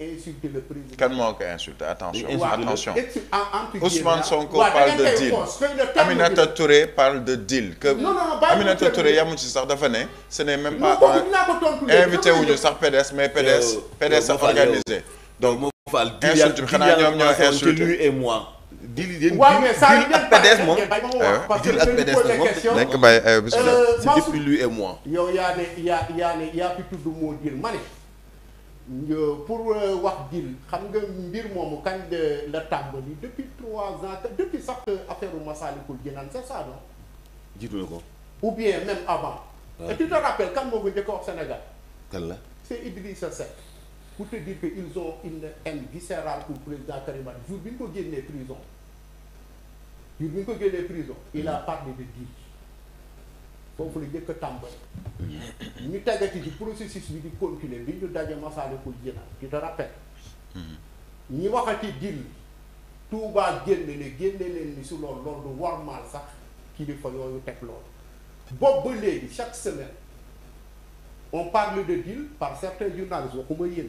insulter le président. attention. attention Ousmane Sonko parle de deal Aminata Touré parle de deal. que Aminata Touré yamu ci sax dafa ce n'est même pas invité sax PDS mais PDS. a organisé. donc parle deal et moi. deal lui et moi pour euh, wax dil xam nga mbir momu kan de la tàmbali depuis 3 ans depuis sax euh, affaire u Massalikul Jinaan c'est ça non jiitu na ko ou bien même avant ah. et tu te rappelles quand moo ko njëkk a wax Sénégal kan la c'est Idrissa Seck pour te dire que ils ont une haine viscérale pour président Karima. Wade jour bi ñu ko génnee prison jour bi ko génnee prison il a parlé de deal foofu la njëkk a tàmbali ñu tegati ci processus bi di continuer bi ñu daje Massalikul Jinaan tu te rappel hmm. ñi waxati dil Touba génn ne génne leen ni su lool loolu du warmaal sax kilifa yooyu teg lool boobu ba léegi chaque semaine on parle de dil par certains journalistes waxuma yéen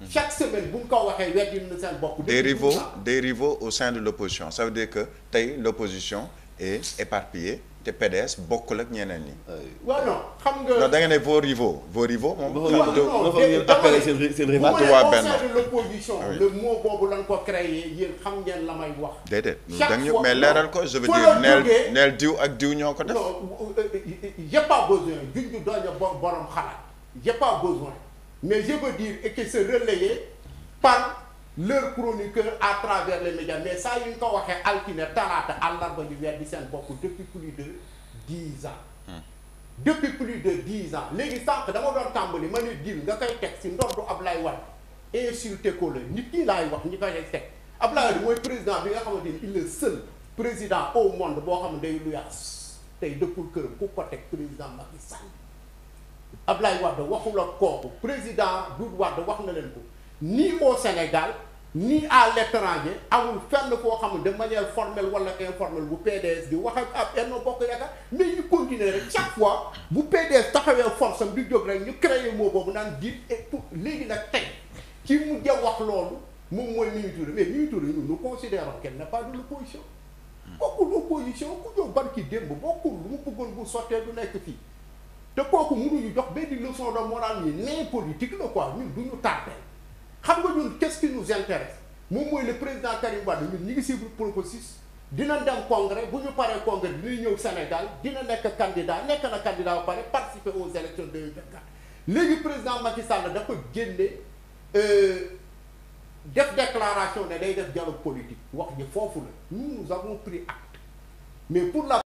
Mhm. chaque semaine vous des rivaux des rivaux au sein de l'opposition ça veut dire que l'opposition est éparpillée PDS beaucoup de gens non vos rivaux rivaux. l'opposition ah le mot que mais je veux dire pas besoin pas besoin mais je veux dire et que c'est relayé par leur chroniqueur à travers les médias. Mais ça, il y a un cas Alkine Tarata à l'arbre du Verdicène beaucoup depuis plus de 10 ans. Hmm. Depuis plus de 10 ans. L'existant, dans mon temps, je me dis, je me dis, je me dis, je me dis, insulté que le ni qui l'a eu ni quoi j'ai fait après le moi président il a dit il est seul président au monde bon comme des lois et de pour que le coup président Macky Sall Ablaye Wade waxu la ko président Doudou Wade wax na ko ni au Sénégal ni à l'étranger amul fenn ko xam de manière formelle wala informelle bu PDS di wax ak ab Benno Bokk Yaakaar mais ñu continuer rek chaque fois bu PDS taxawé force du di rek ñu créer mo bobu nan dit et tout légui nag tay ci mu dia wax loolu moom mooy Mimi Touré mais Mimi Touré nous considérons qu'elle n'est pas de l'opposition hmm. bokkul opposition ku jog barki démb bokkul lu mu bëggoon bu soté du nekk fi te kooku mënuñu jox benn leçon de morale ni nain politique la quoi ñun du ñu tardé xam nga ñun qu'est-ce qui nous intéresse moom mooy le président Karim Wade ñun ñi ngi suivre processus dina dem congrès bu ñu paree congrès dina ñëw Sénégal dina nekk candidat nekk na candidat ba pare participer aux élections de 2024 léegi président Macky Sall dafa génne euh, def déclaration ne day def dialogue politique wax ji foofu la nous avons pris acte mais pour la